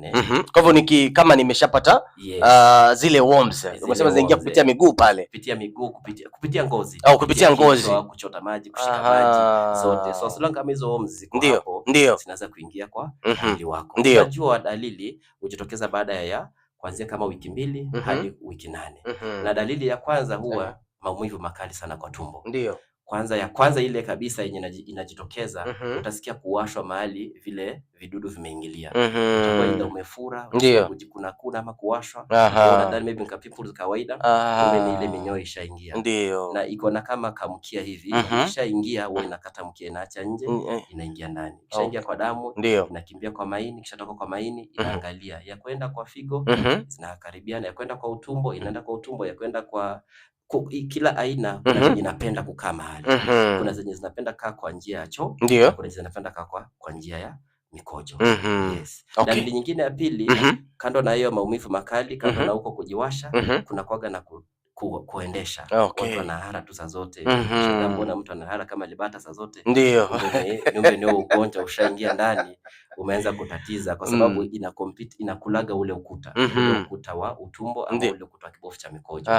Mm-hmm. Kwa hivyo niki kama nimeshapata yes. Uh, zile worms umesema zinaingia kupitia eh. miguu pale, kupitia miguu, kupitia, kupitia ngozi au kupitia ngozi, kuchota maji, kushika maji zote. Ah. So so kama hizo worms ziko hapo, ndio zinaweza kuingia kwa mhm. mwili wako. Unajua dalili hujitokeza baada ya kuanzia kama wiki mbili mm -hmm. hadi wiki nane mm -hmm. na dalili ya kwanza huwa eh. maumivu makali sana kwa tumbo. Ndio kwanza ya kwanza ile kabisa yenye inajitokeza mm -hmm. Utasikia kuwashwa mahali vile vidudu vimeingilia mm -hmm. Aidha umefura kuna kuna ama kuwashwa, nadhani maybe ni people kawaida, ni ile minyoo ishaingia, ndio na iko na kama kamkia hivi mm -hmm. Ishaingia huwa inakata mkia, inaacha nje mm -hmm. Inaingia ndani, ishaingia okay. Kwa damu ndio inakimbia kwa maini, kisha toka kwa maini mhm. inaangalia ya kwenda kwa figo mm -hmm. Zinakaribiana, ya kwenda kwa utumbo inaenda kwa utumbo, ya kwenda kwa kila aina kuna mm -hmm. zenye napenda kukaa mahali mm -hmm. kuna zenye zinapenda kaa kwa njia ya choo, ndio kuna zenye zinapenda kaa kwa, kwa njia ya mikojo mm -hmm. yes. Okay. Dalili nyingine ya pili mm -hmm. kando na hiyo maumivu makali kando mm -hmm. na huko kujiwasha mm -hmm. kuna kwaga na ku, ku, kuendesha okay. Watu wanahara tu saa zote mm -hmm. Mbona mtu anahara kama libata saa zote? Ndio, ni ugonjwa ushaingia ndani umeanza kutatiza kwa mm. sababu mm. ina compete inakulaga ule ukuta mm -hmm. ule ukuta wa utumbo au ule ukuta wa kibofu cha mikojo.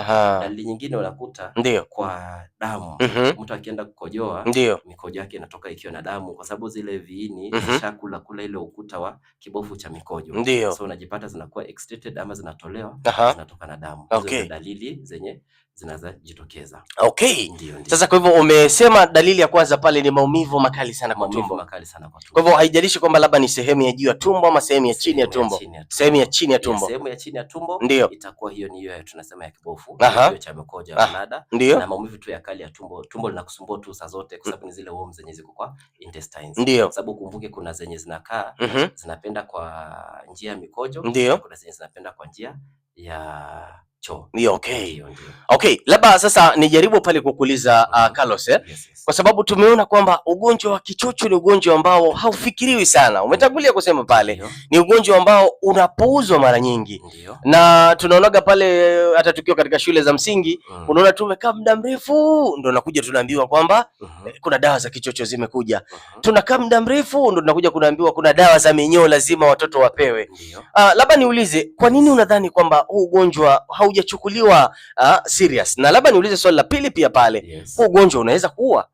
Dalili nyingine unakuta kwa damu mhm. mtu mm -hmm. akienda kukojoa mikojo yake inatoka ikiwa na damu, kwa sababu zile viini mm -hmm. shakula kula ile ukuta wa kibofu cha mikojo Ndiyo. so unajipata zinakuwa excreted ama zinatolewa zinatoka na damu okay. hizo dalili zenye zinazojitokeza. Okay. Ndiyo, ndiyo. Sasa kwa hivyo umesema dalili ya kwanza pale ni maumivu makali sana kwa tumbo. Makali sana kwa tumbo. Kwa hivyo haijalishi kwamba labda ni sehemu ya juu ya tumbo ama sehemu ya chini ya tumbo. Sehemu ya chini ya tumbo. Sehemu ya chini ya tumbo itakuwa hiyo ni hiyo tunasema ya kibofu, hiyo cha mkojo wa bladder ah, na maumivu tu ya kali ya tumbo. Tumbo linakusumbua tu saa zote kwa mm. sababu ni zile worms zenye ziko kwa intestines. Ndiyo. Sababu kumbuke kuna zenye zinakaa mm -hmm. zinapenda kwa njia ya mikojo, kuna zenye zinapenda kwa njia ya Cho. ni okay. Okay, labda sasa nijaribu pale kukuuliza uh, mm-hmm. Carlos eh? Yes, yes. Kwa sababu tumeona kwamba ugonjwa wa kichocho ni ugonjwa ambao haufikiriwi sana, umetangulia kusema pale. Ndiyo. Ni ugonjwa ambao unapuuzwa mara nyingi. Ndiyo. Na tunaonaga pale uh, hata tukiwa katika shule za msingi mm. Unaona tumekaa muda mrefu ndo nakuja tunaambiwa kwamba mm -hmm. Kuna dawa za kichocho zimekuja. mm -hmm. Tunakaa muda mrefu ndo tunakuja kunaambiwa kuna dawa za minyoo lazima watoto wapewe. Uh, labda niulize, kwa nini unadhani kwamba huu ugonjwa hauja haujachukuliwa uh, ah, serious. Na labda niulize swali la pili pia pale, yes. Ugonjwa unaweza kuwa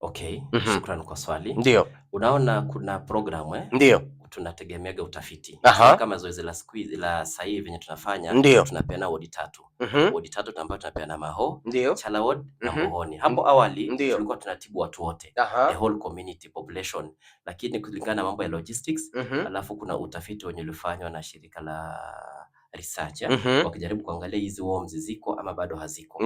okay. mm -hmm. Shukrani kwa swali. Ndio unaona kuna programu eh? Ndio tunategemeaga utafiti Aha. kama zoezi la squeeze la sasa hivi venye tunafanya ndio tunapeana wodi tatu mm -hmm. wodi tatu ambayo tunapeana maho ndio chala ward mm -hmm. na mhm. muhoni. Hapo awali tulikuwa tunatibu watu wote the whole community population, lakini kulingana na mambo ya logistics mm -hmm. alafu kuna utafiti wenye ulifanywa na shirika la researcher mm -hmm. wakijaribu kuangalia hizi worms ziko ama bado haziko.